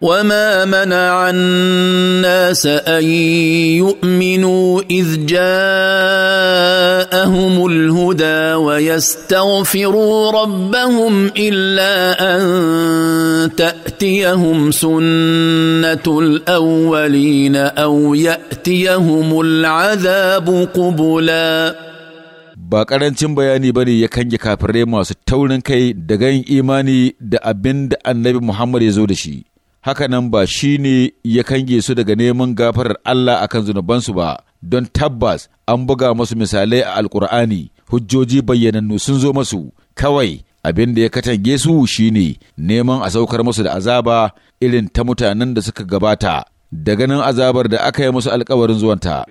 وما منع الناس ان يؤمنوا اذ جاءهم الهدى ويستغفروا ربهم الا ان تاتيهم سنه الاولين او ياتيهم العذاب قبلا ba ƙarancin bayani ba ne ya kange kafirai masu taurin kai da yin imani da abin da annabi muhammad ya zo da shi hakanan ba shi ne ya kange su daga neman gafarar Allah a kan zunubansu ba, don tabbas an buga masu misalai a Alƙur'ani, hujjoji bayyanannu sun zo masu, kawai abin da ya katange su ne neman a saukar masu da azaba irin ta mutanen da suka gabata, da ganin azabar da aka yi musu alkawarin zuwanta.